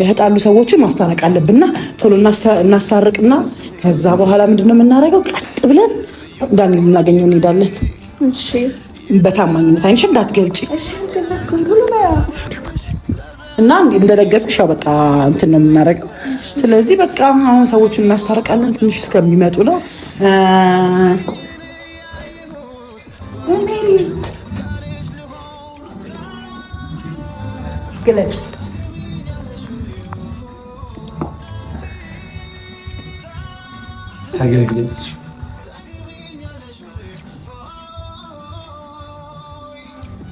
የተጣሉ ሰዎችን ማስታረቅ አለብንና ቶሎ እናስታርቅና ከዛ በኋላ ምንድን ነው የምናደርገው? ቀጥ ብለን ዳን የምናገኘው እንሄዳለን። በታማኝነት አይንሽ እንዳትገልጭ እና እንደነገርኩሽ ያው በቃ እንትን ነው የምናደርገው። ስለዚህ በቃ አሁን ሰዎችን እናስታርቃለን። ትንሽ እስከሚመጡ ነው ግለጭ takip edebilir.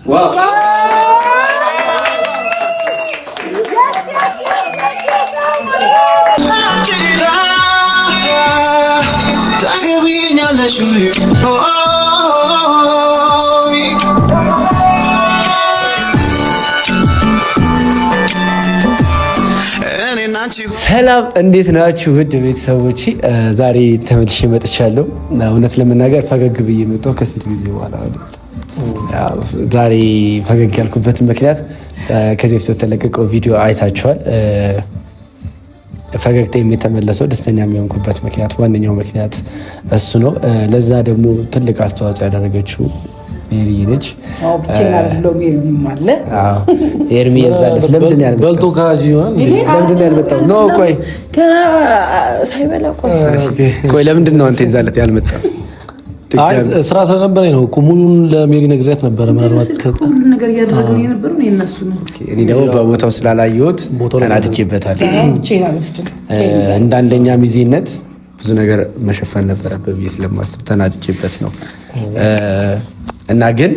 Wow. ሰላም እንዴት ናችሁ? ውድ ቤተሰቦች ዛሬ ተመልሼ መጥቻለሁ። እውነት ለመናገር ፈገግ ብዬ መጣሁ ከስንት ጊዜ በኋላ። ዛሬ ፈገግ ያልኩበት ምክንያት ከዚህ በፊት የተለቀቀው ቪዲዮ አይታችኋል። ፈገግታ የተመለሰው ደስተኛ የሚሆንኩበት ምክንያት ዋነኛው ምክንያት እሱ ነው። ለዛ ደግሞ ትልቅ አስተዋጽኦ ያደረገችው ሜሪ ልጅ ኤርሚ የዛ ልጅ ለምንድን ያልመጣው ነው? ቆይ ቆይ ለምንድን ነው አንተ የዛ ዕለት ያልመጣው? ስራ ስለነበረኝ ነው ሙሉን ለሜሪ ነግሪያት ነበረ። እኔ ደግሞ በቦታው ስላላየሁት ተናድጄበታል። እንደ አንደኛ ሚዜነት ብዙ ነገር መሸፈን ነበረበት ብዬ ስለማስብ ተናድጄበት ነው። እና ግን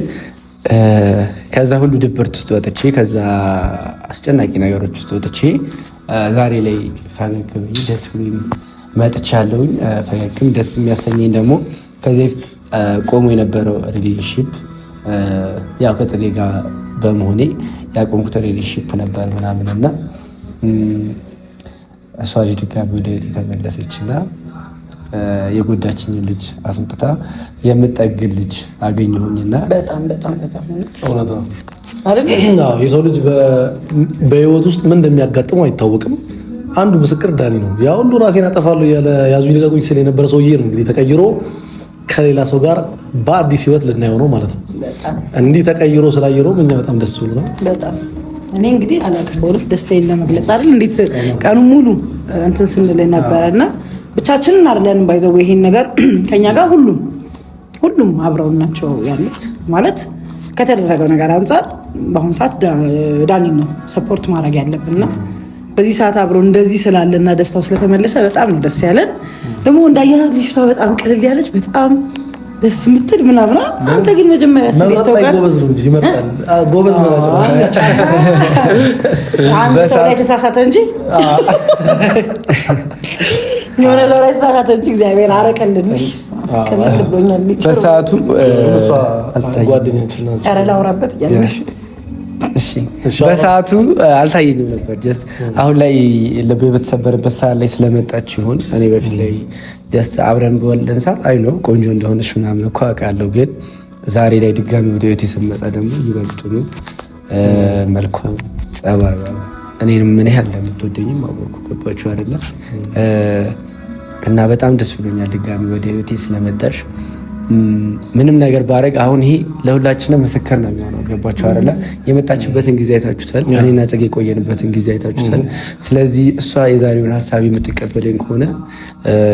ከዛ ሁሉ ድብርት ውስጥ ወጥቼ ከዛ አስጨናቂ ነገሮች ውስጥ ወጥቼ ዛሬ ላይ ፈገግ ብዬ ደስ ብሎኝ መጥቻለሁኝ። ፈገግም ደስ የሚያሰኘኝ ደግሞ ከዚህ በፊት ቆሞ የነበረው ሪሌሽንሽፕ ያው ከጽጌ ጋር በመሆኔ ያቆምኩት ሪሌሽንሽፕ ነበር ምናምን እና እሷ ድጋሚ ወደ ቤት የተመለሰች እና የጎዳችኝ ልጅ አስምጥታ የምጠግን ልጅ አገኘሁኝና በጣም በጣም በጣም የሰው ልጅ በህይወት ውስጥ ምን እንደሚያጋጥመው አይታወቅም። አንዱ ምስክር ዳኒ ነው። ያ ሁሉ ራሴን አጠፋለሁ እያለ ያዙኝ ልቀቁኝ ስል የነበረ ሰውዬ ነው እንግዲህ ተቀይሮ ከሌላ ሰው ጋር በአዲስ ህይወት ልናየው ነው ማለት ነው። እንዲህ ተቀይሮ ስላየነውም እኛ በጣም ደስ ብሎ ነው። እኔ እንግዲህ አላውቅም በእውነት ደስታዬን ለመግለጽ አይደል እንዴት ቀኑ ሙሉ እንትን ስንል ነበረ እና ብቻችንን አይደለንም። ባይዘው ይሄን ነገር ከኛ ጋር ሁሉም ሁሉም አብረውን ናቸው ያሉት ማለት ከተደረገው ነገር አንጻር በአሁኑ ሰዓት ዳኒ ነው ሰፖርት ማድረግ ያለብንና በዚህ ሰዓት አብሮ እንደዚህ ስላለና ደስታው ስለተመለሰ በጣም ነው ደስ ያለን። ደግሞ እንዳያት ልጅቷ በጣም ቅልል ያለች በጣም ደስ የምትል ምናምና። አንተ ግን መጀመሪያ ስለተውቃት አንድ ሰው ላይ ተሳሳተ እንጂ የሆነ ሰው ላይ እግዚአብሔር በሰዓቱ ላውራበት በሰዓቱ አልታየኝም ነበር። ጀስት አሁን ላይ ልብ በተሰበረበት ሰዓት ላይ ስለመጣች ይሁን እኔ በፊት ላይ ጀስት አብረን በወለን ሰዓት አይ ነው ቆንጆ እንደሆነች ምናምን እኮ አውቃለሁ፣ ግን ዛሬ ላይ ድጋሚ ወደ ቤት ስመጣ ደግሞ ይበልጥኑ እኔንም ምን ያህል እንደምትወደኝም አወቅኩ። ገባችሁ አይደለም? እና በጣም ደስ ብሎኛል ድጋሚ ወደ ህይወቴ ስለመጣሽ። ምንም ነገር ባረግ አሁን ይሄ ለሁላችንም ምስክር ነው የሚሆነው። ገባችሁ አይደለ? የመጣችበትን ጊዜ አይታችሁታል። እኔና ጽጌ የቆየንበትን ጊዜ አይታችሁታል። ስለዚህ እሷ የዛሬውን ሀሳብ የምትቀበልን ከሆነ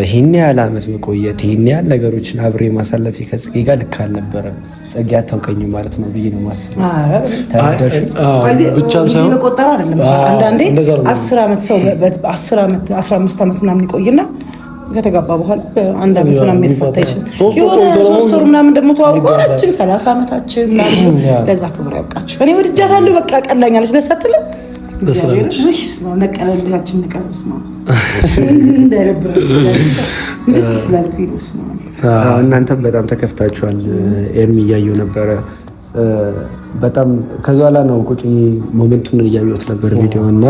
ይህን ያህል ዓመት መቆየት፣ ይህን ያህል ነገሮችን አብሬ ማሳለፍ ከጽጌ ጋር ልክ አልነበረም። ጸጌ አታውቀኝ ማለት ነው ብዬ ነው ማስብ። ብቻም ሳይሆን በቆጠር አይደለም። አንዳንዴ አስር ዓመት ሰው አስር ዓመት አስራ አምስት ዓመት ምናምን ይቆይና ከተጋባ በኋላ አንድ አመት ምናምን የሚፈታ ይችላል። የሆነ ሶስት ወር ምናምን ደግሞ ተዋውቆ ረጅም ሰላሳ ዓመታችን ለዛ ክብር ያብቃችሁ። እኔ ወድጃታለሁ። በቃ ቀላኛለች። ደስ አትልም? እናንተም በጣም ተከፍታችኋል። ኤም እያየሁ ነበረ በጣም ከዛ ኋላ ነው ቁጭ ሞመንቱን እያየሁት ነበር ቪዲዮ እና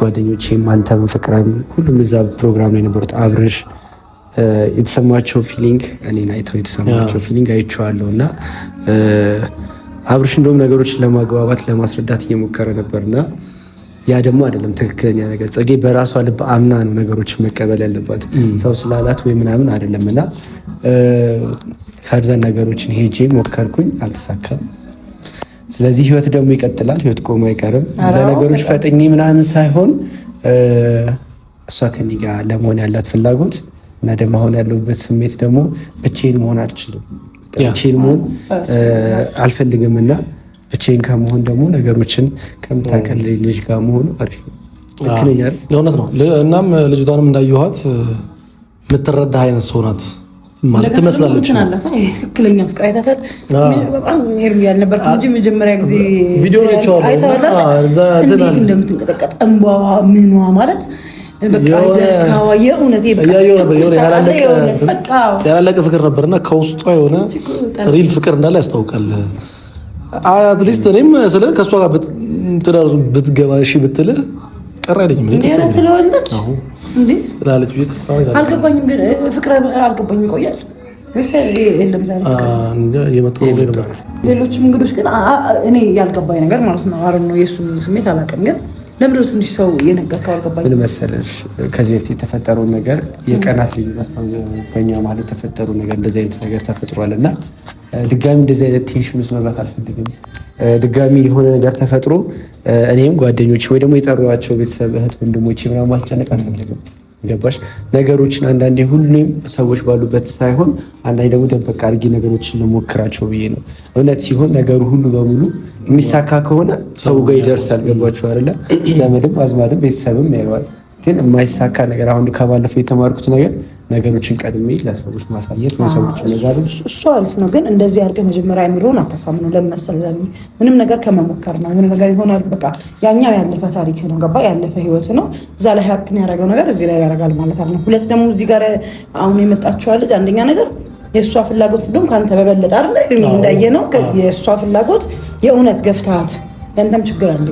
ጓደኞቼም አንተም ፍቅራም ሁሉም እዛ ፕሮግራም ላይ ነበሩት። አብረሽ የተሰማቸው ፊሊንግ እኔን አይተው የተሰማቸው ፊሊንግ አይቼዋለሁ እና አብርሽ እንደውም ነገሮችን ለማግባባት ለማስረዳት እየሞከረ ነበርና ያ ደግሞ አይደለም ትክክለኛ ነገር። ጸጌ በራሷ ልብ አምና ነው ነገሮችን መቀበል ያለባት ሰው ስላላት ወይ ምናምን አይደለም እና ፈርዘን ነገሮችን ሄጄ ሞከርኩኝ፣ አልተሳካም። ስለዚህ ህይወት ደግሞ ይቀጥላል። ህይወት ቆሞ አይቀርም። ለነገሮች ፈጥኝ ምናምን ሳይሆን እሷ ከኔ ጋር ለመሆን ያላት ፍላጎት እና ደግሞ አሁን ያለሁበት ስሜት ደግሞ ብቼን መሆን አልችልም፣ ብቼን መሆን አልፈልግም እና ብቼን ከመሆን ደግሞ ነገሮችን ከምታቀል ልጅ ጋር መሆኑ አሪፍ ነው። እውነት ነው። እናም ልጅቷንም እንዳየኋት የምትረዳ አይነት ሰው ናት። ማለት ትመስላለች። ትክክለኛ ፍቅር አይታታል። በጣም ሄርም ያልነበርክ እንጂ መጀመሪያ ጊዜ ቪዲዮ እንደምትንቀጠቀጥ እንባዋ ምኗ ማለት ያላለቀ ፍቅር ነበርና ከውስጧ የሆነ ሪል ፍቅር እንዳለ ያስታውቃል። አትሊስት እኔም ስለ ከእሷ ጋር ትዳር ብትገባ እሺ ብትል ቀር አይለኝም ትላለች ብዬ ተስፋ አልገባኝም። ግን ፍቅረ አልገባኝ ይቆያል ሌሎችም እንግዶች ግን እኔ ያልገባኝ ነገር ማለት ነው። አረ ነው የእሱም ስሜት አላውቅም። ግን ለምንድነው ትንሽ ሰው የነገርከው አልገባኝ። ምን መሰለሽ ከዚህ በፊት የተፈጠረውን ነገር የቀናት ልዩነት በኛ መሀል የተፈጠሩ ነገር እንደዚህ አይነት ነገር ተፈጥሯል እና ድጋሚ እንደዚህ አይነት ቴንሽን ውስጥ መግባት አልፈልግም። ድጋሚ የሆነ ነገር ተፈጥሮ እኔም ጓደኞች ወይ ደግሞ የጠሯቸው ቤተሰብ እህት ወንድሞች ምናምን ማስጨነቅ ገባሽ? ነገሮችን አንዳንዴ ሁሉም ሰዎች ባሉበት ሳይሆን አንዳንዴ ደግሞ ደበቃ አድርጌ ነገሮችን ልሞክራቸው ብዬ ነው። እውነት ሲሆን ነገሩ ሁሉ በሙሉ የሚሳካ ከሆነ ሰው ጋር ይደርሳል። ገባችሁ አይደለ? ዘመድም አዝማድም ቤተሰብም ያየዋል። ግን የማይሳካ ነገር አሁን ከባለፈው የተማርኩት ነገር ነገሮችን ቀድሜ ለሰዎች ማሳየት ሰዎች እሱ አሪፍ ነው። ግን እንደዚህ አድርገህ መጀመሪያ አይምሮን አታሳምነው። ለመሰል ለሚ ምንም ነገር ከመሞከር ነው። ምንም ነገር ይሆናል። በቃ ያኛው ያለፈ ታሪክ ነው። ገባ? ያለፈ ህይወት ነው። እዛ ላይ ሀፕን ያደረገው ነገር እዚህ ላይ ያደርጋል ማለት አለ። ሁለት ደግሞ እዚህ ጋር አሁን የመጣችኋ ልጅ አንደኛ ነገር የእሷ ፍላጎት እንደውም ከአንተ በበለጠ አለ እንዳየ ነው የእሷ ፍላጎት የእውነት ገፍታት ያንተም ችግር አለ።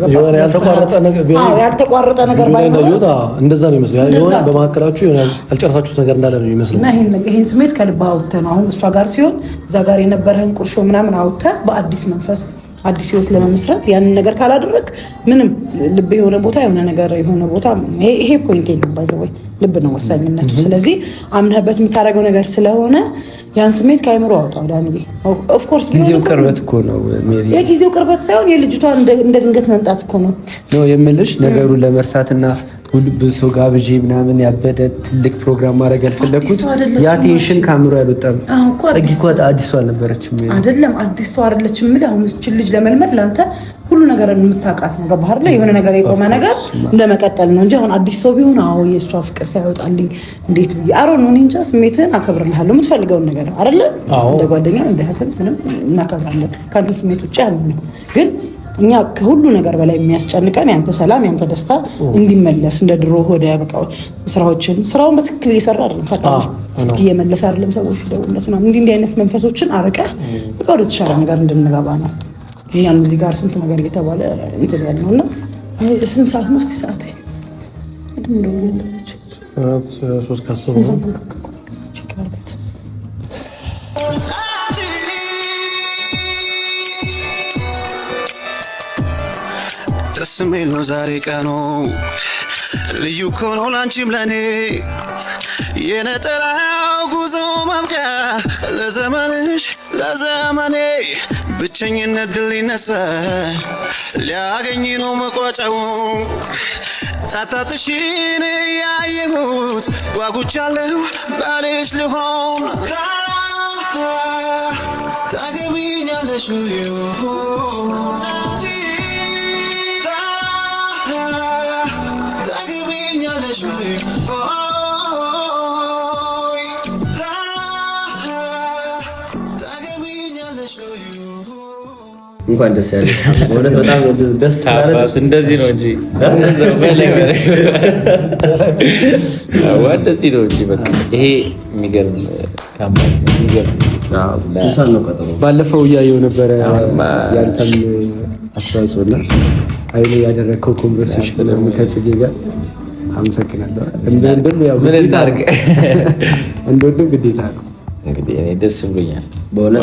ያልተቋረጠ ነገር አዎ፣ ነገር ባይኖር እንደዛ ነው የሚመስለው። የሆነ በመካከላችሁ የሆነ ያልጨረሳችሁት ነገር እንዳለ ነው የሚመስለው እና ይሄን ይሄን ስሜት ከልብ አውጥተህ ነው አሁን እሷ ጋር ሲሆን እዛ ጋር የነበረህን ቁርሾ ምናምን አውጥተህ በአዲስ መንፈስ አዲስ ህይወት ለመመስረት ያንን ነገር ካላደረግ ምንም ልብ የሆነ ቦታ የሆነ ነገር የሆነ ቦታ ይሄ ፖይንት የለም። ወይ ልብ ነው ወሳኝነቱ። ስለዚህ አምነህበት የምታደርገው ነገር ስለሆነ ያን ስሜት ከአይምሮ አውጣው ዳንዬ። ኦፍኮርስ ጊዜው ቅርበት እኮ ነው። የጊዜው ቅርበት ሳይሆን የልጅቷ እንደ ድንገት መምጣት እኮ ነው ነው የምልሽ ነገሩን ለመርሳትና ሁሉ ሰው ጋብዤ ምናምን ያበደ ትልቅ ፕሮግራም ማድረግ ያልፈለግኩት ያ ቴንሽን ከአእምሮ ያልወጣም። ጸጊ እኮ አዲስ ሰው አልነበረችም። አይደለም አዲስ ሰው አይደለችም። ምን አሁን ስችን ልጅ ለመልመድ ለአንተ ሁሉ ነገር የምታውቃት ነው። ባህር ላይ የሆነ ነገር የቆመ ነገር ለመቀጠል ነው እንጂ አሁን አዲስ ሰው ቢሆን አዎ የእሷ ፍቅር ሳይወጣልኝ እንዴት ብዬ አሮ ነው እንጃ። ስሜትን አከብርልሃለሁ። የምትፈልገውን ነገር አይደለ እንደ ጓደኛ እንደ ህትን ምንም እናከብራለን። ከአንተ ስሜት ውጭ ያለ ነው ግን እኛ ከሁሉ ነገር በላይ የሚያስጨንቀን ያንተ ሰላም ያንተ ደስታ እንዲመለስ እንደ ድሮ ወደ በቃ ስራዎችን ስራውን በትክክል እየሰራ አይደለም ታውቃለህ፣ እየመለሰ አይደለም ሰዎች ሲደውለት ምናምን እንዲህ እንዲህ አይነት መንፈሶችን አርቀህ በቃ ወደ ተሻለ ነገር እንድንገባ ነው። እኛም እዚህ ጋር ስንት ነገር እየተባለ እንትን ያለው እና ስንት ሰዓት ነው? እስኪ ሰዓት ሶስት ከአስር ነው ስሜል ነው ዛሬ ቀኑ ልዩ ኮኖ ላንቺም ለኔ የነጠላው ጉዞ ማብቂያ ለዘመንሽ ለዘመኔ ብቸኝነት ድል ሊነሳ ሊያገኝ ነው መቋጫው ጣጣትሽን ያየሁት ጓጉቻለሁ ባልሽ ልሆን ታገቢኛለሽ እንኳን ደስ ያለ። በእውነት በጣም ደስ ስላለች እንደዚህ ነው እንጂ ወደዚህ ነው እንጂ በጣም ይሄ የሚገርም ባለፈው እያየሁ ነበረ ያንተም አስተዋጽኦ አይኑ ያደረግከው ኮንቨርሴሽን ከጽጌ ጋር አመሰግናለሁ። እንደ ወንድም ግዴታ ነው። እንግዲህ እኔ ደስ ብሎኛል በእውነት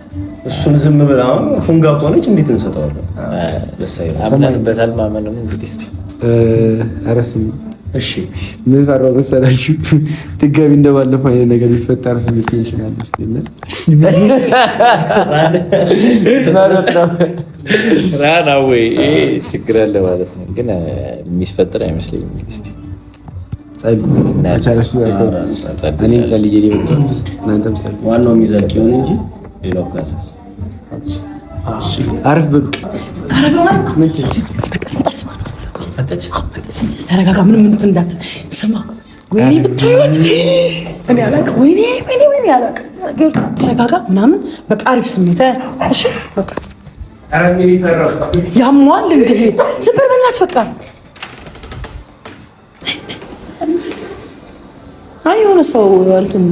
እሱን ዝም ብላ ፉንጋ ከሆነች እንዴት እንሰጠዋለን? አምነንበታል። ማመንም እንግዲህ እሺ፣ ምን ፈራው መሰላችሁ? ድጋሚ እንደባለፈው አይነት ነገር ቢፈጠር ስሜት ይችላል መስሎኛል። ራና ወይ ችግር አለ ማለት ነው፣ ግን የሚስፈጥር አይመስለኝም። እስኪ ጸልዩ። እኔም ጸልዬ ነው የመጣሁት፣ እናንተም ጸልዩ። ዋናው የሚዘልቅ ይሁን እንጂ ሌላው ጋዛዝ አረፍ ብሉ። ተረጋጋ። ምንም ምንት እንዳት ስማ። ወይኔ ብታይወት እኔ አላውቅም። ወይኔ ወይኔ ወይኔ አላውቅም። ተረጋጋ ምናምን በቃ አሪፍ ስሜት እሺ። በቃ ያሟል እንደ ዝም ብለህ በእናትህ በቃ አይ የሆነ ሰው እንትን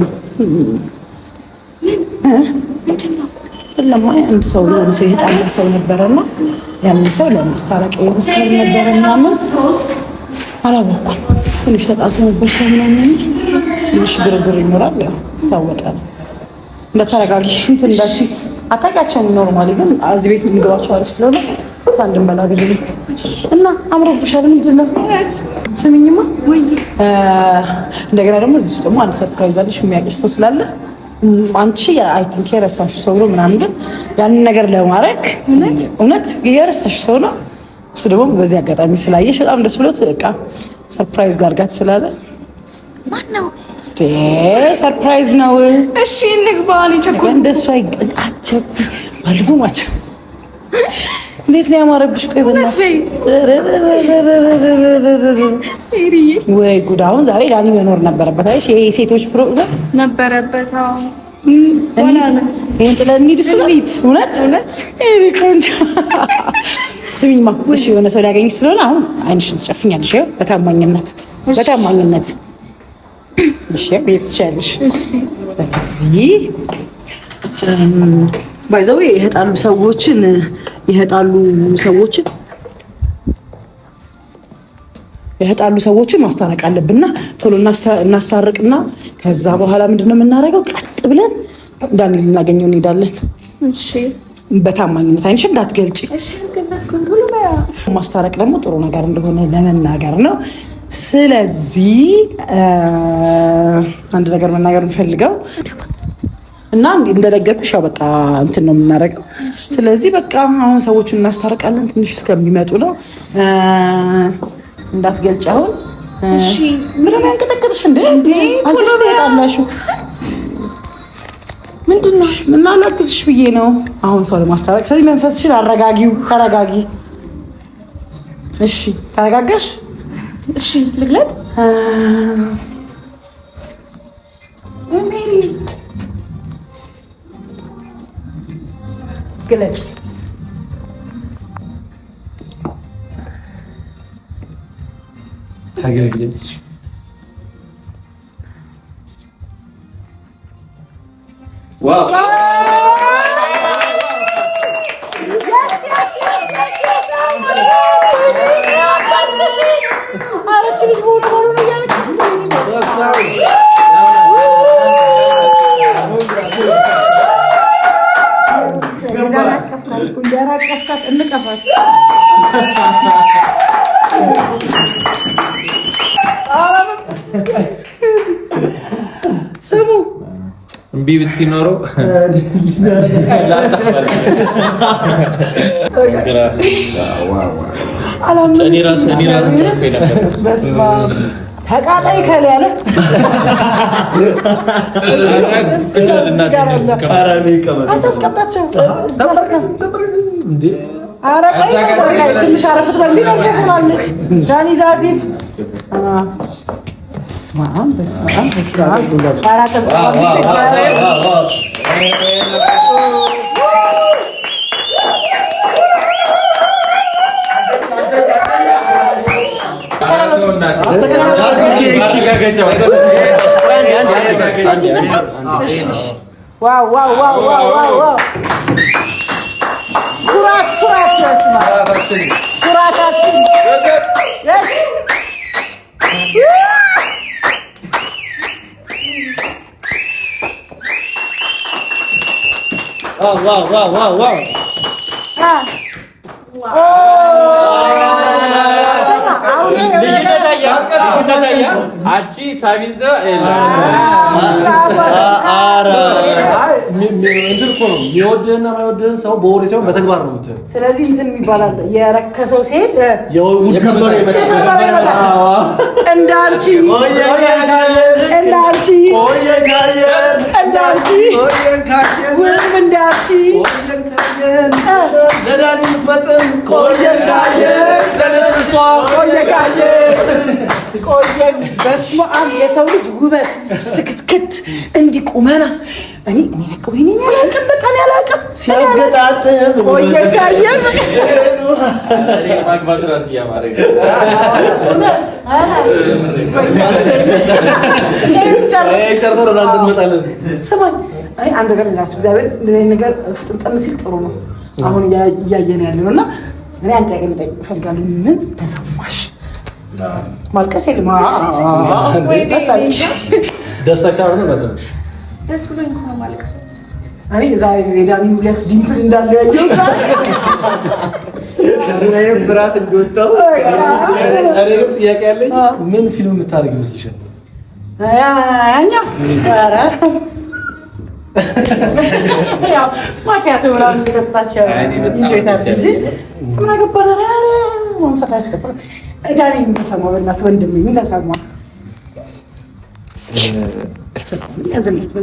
ምንድን ነው አንድ ሰው ያን ሰው የጣላ ሰው ነበረና ያንን ሰው ለማስታረቅ ይሞክር ነበረ ምናምን አላወኩም። ትንሽ ተጣልቶ ነበር ሰው ምናምን ትንሽ ግርግር ይኖራል። ያው ይታወቃል። እንደተረጋጊ እንትን እንዳልሽ አታውቂያቸውም። ኖርማሊ ግን እዚህ ቤት ምግባቸው አሪፍ ስለሆነ ሳንድንበላ በላ ነው እና አምሮብሻል። ምንድን ነው ስሚኝማ፣ እንደገና ደግሞ እዚህ ደግሞ አንድ ሰርፕራይዝ አለሽ የሚያውቅሽ ሰው ስላለ አንቺ አይ ቲንክ የረሳሽው ሰው ነው ምናምን፣ ግን ያንን ነገር ለማድረግ እውነት የረሳሽ ሰው ነው እሱ። ደግሞ በዚህ አጋጣሚ ስላየሽ በጣም ደስ ብሎት በቃ ሰርፕራይዝ ጋርጋት ስላለ ሰርፕራይዝ ነው። እሺ እንግባ። እንደሱ ባለፈው ማቸው እንዴት ነው ያማረብሽ? ቆይ በእናትሽ ወይ ጉድ! አሁን ዛሬ ዳኒ መኖር ነበረበት። አይ ይሄ ሴቶች ፕሮግራም ነበረበት። አዎ ይሄን ጥለን እንሂድ ስንት እውነት እውነት ቆንጆ ስሚኝማ። እሺ የሆነ ሰው ሊያገኝሽ ስለሆነ አሁን አይንሽን ትጨፍኛለሽ። ይኸው በታማኝነት በታማኝነት እሺ ቤት ትችያለሽ። ስለዚህ ባይዘው የጣሉ ሰዎችን ይሄጣሉ ሰዎችን ይሄጣሉ ሰዎችን ማስታረቅ አለብንና ቶሎ እናስታርቅና ከዛ በኋላ ምንድነው የምናደርገው? ቀጥ ብለን እንዳን ልናገኘው እንሄዳለን። በታማኝነት አይንሽ እንዳትገልጭ። ማስታረቅ ደግሞ ጥሩ ነገር እንደሆነ ለመናገር ነው። ስለዚህ አንድ ነገር መናገር እንፈልገው እና እንደነገርኩሽ ያው በቃ እንትን ነው የምናደርገው። ስለዚህ በቃ አሁን ሰዎቹን እናስታርቃለን ትንሽ እስከሚመጡ ነው። እንዳትገልጭ አሁን ምንም ያንቀጠቅጥሽ እንዴ አንቺ ምንድን ነው? እና ላግዝሽ ብዬ ነው አሁን ሰው ለማስታረቅ። ስለዚህ መንፈስሽን አረጋጊው፣ ተረጋጊ። እሺ ተረጋጋሽ? እሺ ልግለጥ gelecek. Her gün gidelim. Wow. yes, yes, yes, yes, yes. Araçımız bu numaranın yanı kesin. Sağ olun. ካላቀፍካት እንቀፋት። ስሙ እምቢ ብትይ ተቃጣይ ከል ያለ አታስቀጣቸው። ትንሽ አረፍት በል እንዲህ ሆናለች። ዳኒ ዛቲቭ በስመ አብ በስመ አብ በስመ አብ ዋው ዋው ዋው ዋው ዋው ዋው የሚወድህና የማይወድህን ሰው በወሬ ሳይሆን በተግባር ነው የምትል። ስለዚህ እንትን የሚባላል የረከሰው ሴት እንዳንቺ እንዳንቺ እንዳንቺ ውብ እንዳንቺ ለዳኒት መጥን ቆየን ካየን ለለስብሷ ቆየን ካየን ቆየን። በስመ አብ የሰው ልጅ ውበት ስክትክት እንዲቁመና እኔ እኔ በቃ ወይኔ አላውቅም፣ በቃ እኔ አላውቅም። ሲያገጣጥም ቆየ ካየም ማግባት ራሱ እያማረኝ አንድ ነገር ልንገራችሁ። እግዚአብሔር እንደዚህ ነገር ፍጥንጥን ሲል ጥሩ ነው። አሁን እያየን ያለ ነው እና እኔ አንተ ያገ መጠየቅ እፈልጋለሁ። ምን ተሰማሽ? ማልቀስ የለም ደስታ ሳይሆን በትንሽ ደስ ብሎኝ እኮ ነው የማለቅሰው። እኔ ዛሬ ሜዳኒ ሁለት ዲምፕል እንዳለ ያየው ፍርሃት እንደወጣው ጥያቄ ያለኝ ምን ፊልም የምታደርግ ይመስልሻል? ማኪያቶ ምናምን ምን አገባን ዳኒ የሚተሰማ በእናትህ ወንድሜ ተሰማ እውነት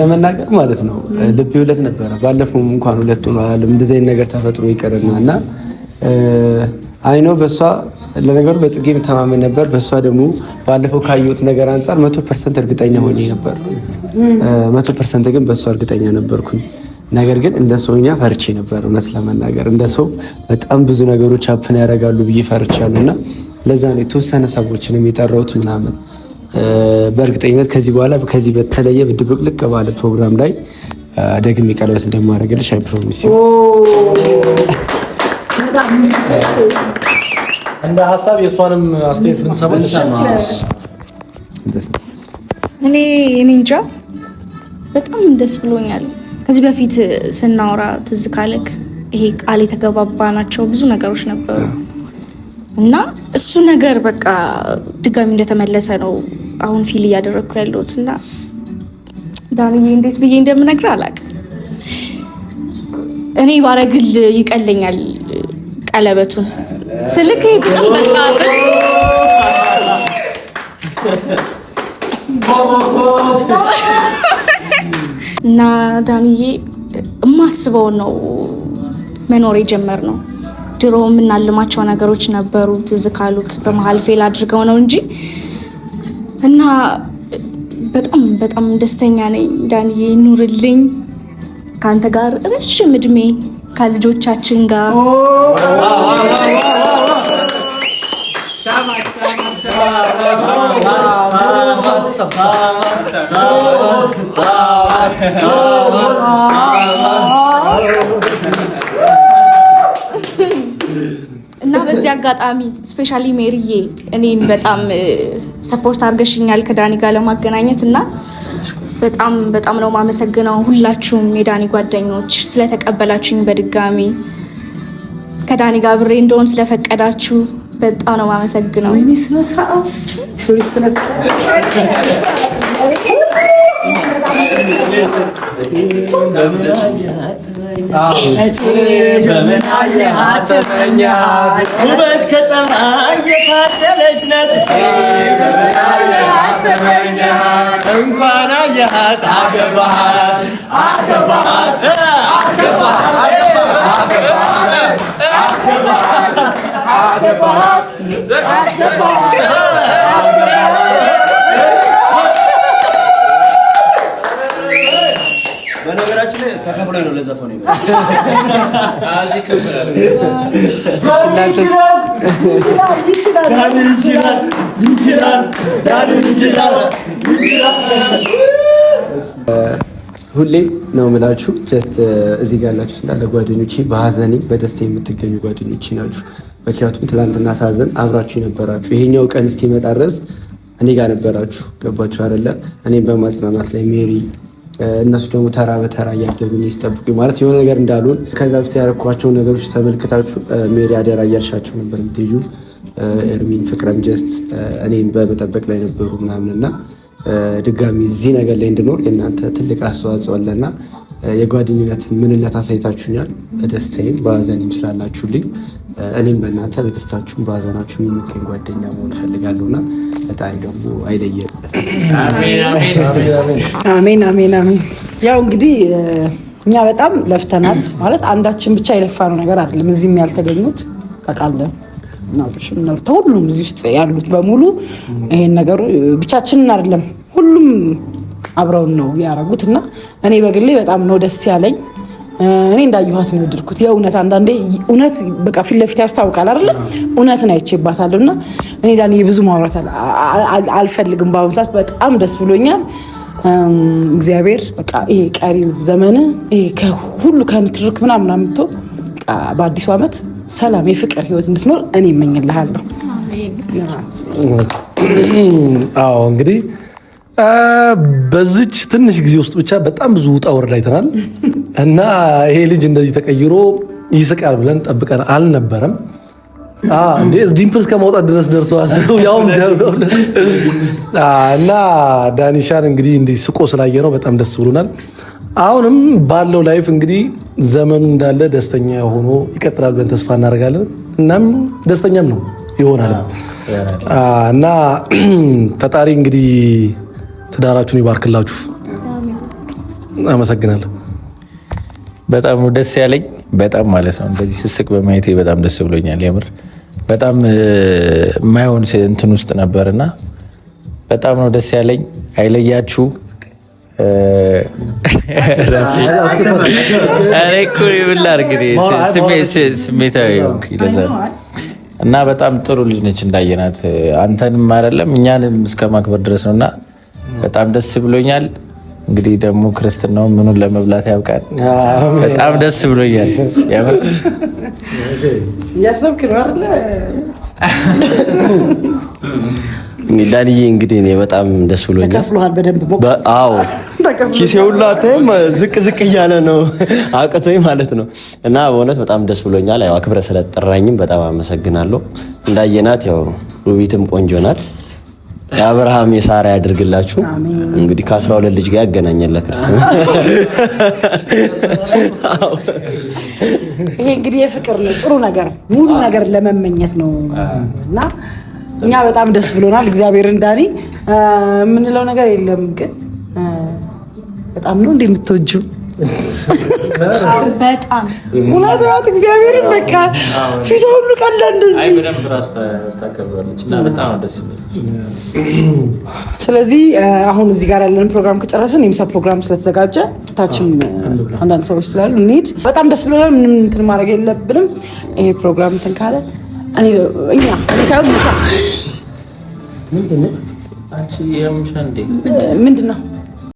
ለመናገር ማለት ነው ልቤ ሁለት ነበረ። ባለፈውም እንኳን ሁለቱ ል እንደዚህ አይነት ነገር ተፈጥሮ ይቀርና እና አይኖ በእሷ ለነገሩ በጽጌ የምተማመን ነበር። በእሷ ደግሞ ባለፈው ካየሁት ነገር አንጻር መቶ ፐርሰንት እርግጠኛ ሆኜ ነበር። መቶ ፐርሰንት ግን በእሷ እርግጠኛ ነበርኩኝ። ነገር ግን እንደ ሰውኛ ፈርቼ ነበር። እውነት ለመናገር እንደ ሰው በጣም ብዙ ነገሮች አፕን ያደርጋሉ ብዬ ፈርቻለሁ እና ለዛ ነው የተወሰነ ሰዎችን የጠራሁት ምናምን። በእርግጠኝነት ከዚህ በኋላ ከዚህ በተለየ ድብቅልቅ ባለ ፕሮግራም ላይ ደግሜ ቀለበት እንደማደርግልሽ አይ ፕሮሚስ። እንደ ሀሳብ የእሷንም አስተያየት ብንሰማ እኔ እንጃ በጣም ደስ ብሎኛል። ከዚህ በፊት ስናወራ ትዝ ካለክ ይሄ ቃል የተገባባ ናቸው ብዙ ነገሮች ነበሩ እና እሱ ነገር በቃ ድጋሚ እንደተመለሰ ነው አሁን ፊል እያደረግኩ ያለሁት እና ዳንዬ እንዴት ብዬ እንደምነግር አላውቅም። እኔ ባረግል ይቀለኛል ቀለበቱን ስልክ በጣም በቃ እና ዳንዬ የማስበውን ነው መኖር የጀመር ነው። ድሮ የምናልማቸው ነገሮች ነበሩ ትዝ ካሉክ በመሀል ፌል አድርገው ነው እንጂ እና በጣም በጣም ደስተኛ ነኝ። ዳንዬ ኑርልኝ ከአንተ ጋር ረዥም እድሜ ከልጆቻችን ጋር እና በዚህ አጋጣሚ ስፔሻሊ ሜሪዬ እኔን በጣም ሰፖርት አድርገሽኛል ከዳኒ ጋር ለማገናኘት እና በጣም በጣም ነው የማመሰግነው ሁላችሁም የዳኒ ጓደኞች ስለተቀበላችሁኝ በድጋሚ ከዳኒ ጋር ብሬ እንደሆን ስለፈቀዳችሁ በጣም ነው ማመሰግነው። በምን አየሃት ትመኛት ውበት ከፀማይ የታደለች ነት በምን አየሃት ትመኛት እንኳን አገባሃት አገባሃት አገባሃት አገባሃት በነገራችን ነው ለዘፈኑ። ሁሌም ነው የምላችሁ፣ ጀስት uh, እዚህ ጋር ያላችሁ እንዳለ ጓደኞቼ፣ በሀዘኔ በደስታ የምትገኙ ጓደኞቼ ናችሁ። ምክንያቱም ትናንትና ሳዘን አብራችሁ ነበራችሁ ይሄኛው ቀን እስኪመጣ ድረስ እኔ ጋር ነበራችሁ። ገባችሁ አይደለ? እኔም በማጽናናት ላይ ሜሪ እነሱ ደግሞ ተራ በተራ እያደጉ ይስጠብቁ ማለት የሆነ ነገር እንዳልሆን ከዛ በፊት ያደረኳቸው ነገሮች ተመልክታችሁ ሜሪ አደራ እያልሻቸው ነበር የምትሄጁ ኤርሚን ፍቅረም ጀስት እኔም በመጠበቅ ላይ ነበሩ ምናምን እና ድጋሚ እዚህ ነገር ላይ እንድኖር የእናንተ ትልቅ አስተዋጽኦ አለና የጓደኝነትን ምንነት አሳይታችሁኛል። በደስታዬም በሀዘኔም ስላላችሁልኝ እኔም በእናንተ በደስታችሁም በሀዘናችሁ የሚገኝ ጓደኛ መሆን እፈልጋለሁ እና ፈጣሪ ደግሞ አይለየም። አሜን አሜን አሜን። ያው እንግዲህ እኛ በጣም ለፍተናል ማለት አንዳችን ብቻ የለፋነው ነገር አይደለም። እዚህም ያልተገኙት ጠቃለ ሁሉም እዚህ ውስጥ ያሉት በሙሉ ይሄን ነገሩ ብቻችንን አይደለም ሁሉም አብረውን ነው ያረጉት እና እኔ በግሌ በጣም ነው ደስ ያለኝ። እኔ እንዳየኋት ነው የወደድኩት። የእውነት አንዳንዴ እውነት በቃ ፊት ለፊት ያስታውቃል አይደለ? እውነትን አይቼባታለሁ እና እኔ ዳን ብዙ ማውራት አልፈልግም። በአሁኑ ሰዓት በጣም ደስ ብሎኛል። እግዚአብሔር በቃ ይሄ ቀሪው ዘመን ይሄ ከሁሉ ከምትርክ ምናምን አምቶ በአዲሱ ዓመት ሰላም የፍቅር ህይወት እንድትኖር እኔ እመኝልሃለሁ። አዎ እንግዲህ በዚች ትንሽ ጊዜ ውስጥ ብቻ በጣም ብዙ ውጣ ወረድ አይተናል እና ይሄ ልጅ እንደዚህ ተቀይሮ ይስቃል ብለን ጠብቀን አልነበረም። ዲምፕል እስከ ድረስ ደርሶ አስበው ያውም እና ዳኒሻን እንግዲህ እንዲህ ስቆ ስላየ ነው በጣም ደስ ብሎናል። አሁንም ባለው ላይፍ እንግዲህ ዘመኑ እንዳለ ደስተኛ ሆኖ ይቀጥላል ብለን ተስፋ እናደርጋለን። እናም ደስተኛም ነው ይሆናል እና ፈጣሪ እንግዲህ ትዳራችሁን ይባርክላችሁ። አመሰግናለሁ። በጣም ነው ደስ ያለኝ። በጣም ማለት ነው እንደዚህ ስስቅ በማየቴ በጣም ደስ ብሎኛል። የምር በጣም የማይሆን እንትን ውስጥ ነበር እና በጣም ነው ደስ ያለኝ። አይለያችሁ። ስሜታዊ እና በጣም ጥሩ ልጅ ነች እንዳየናት፣ አንተንም አይደለም እኛንም እስከ ማክበር ድረስ ነው እና በጣም ደስ ብሎኛል። እንግዲህ ደግሞ ክርስትናው ምኑን ለመብላት ያብቃል። በጣም ደስ ብሎኛል። ዳንዬ እንግዲህ እኔ በጣም ደስ ብሎኛል። ኪሴ ሁላ አታይም፣ ዝቅ ዝቅ እያለ ነው አቅቶኝ ማለት ነው። እና በእውነት በጣም ደስ ብሎኛል። ያው አክብረ ስለጠራኝም በጣም አመሰግናለሁ። እንዳየናት ያው ውቢትም ቆንጆ ናት። የአብርሃም የሳራ ያደርግላችሁ። እንግዲህ ከአስራ ሁለት ልጅ ጋር ያገናኛል። ለክርስትና ይሄ እንግዲህ የፍቅር ነው ጥሩ ነገር ሙሉ ነገር ለመመኘት ነው እና እኛ በጣም ደስ ብሎናል። እግዚአብሔር እንዳኔ የምንለው ነገር የለም ግን በጣም ነው እንደምትወጁ በጣም ሁለት እግዚአብሔርን በቃ ፊቷ ሁሉ ቀላ እንደዚህ ስለዚህ አሁን እዚህ ጋር ያለን ፕሮግራም ከጨረስን የምሳ ፕሮግራም ስለተዘጋጀ ታችም አንዳንድ ሰዎች ስላሉ እንሄድ በጣም ደስ ብሎናል። ምንም እንትን ማድረግ የለብንም። ይሄ ፕሮግራም እንትን ካለ እኔ እኛ ሳይሆን ምሳ ምንድን ነው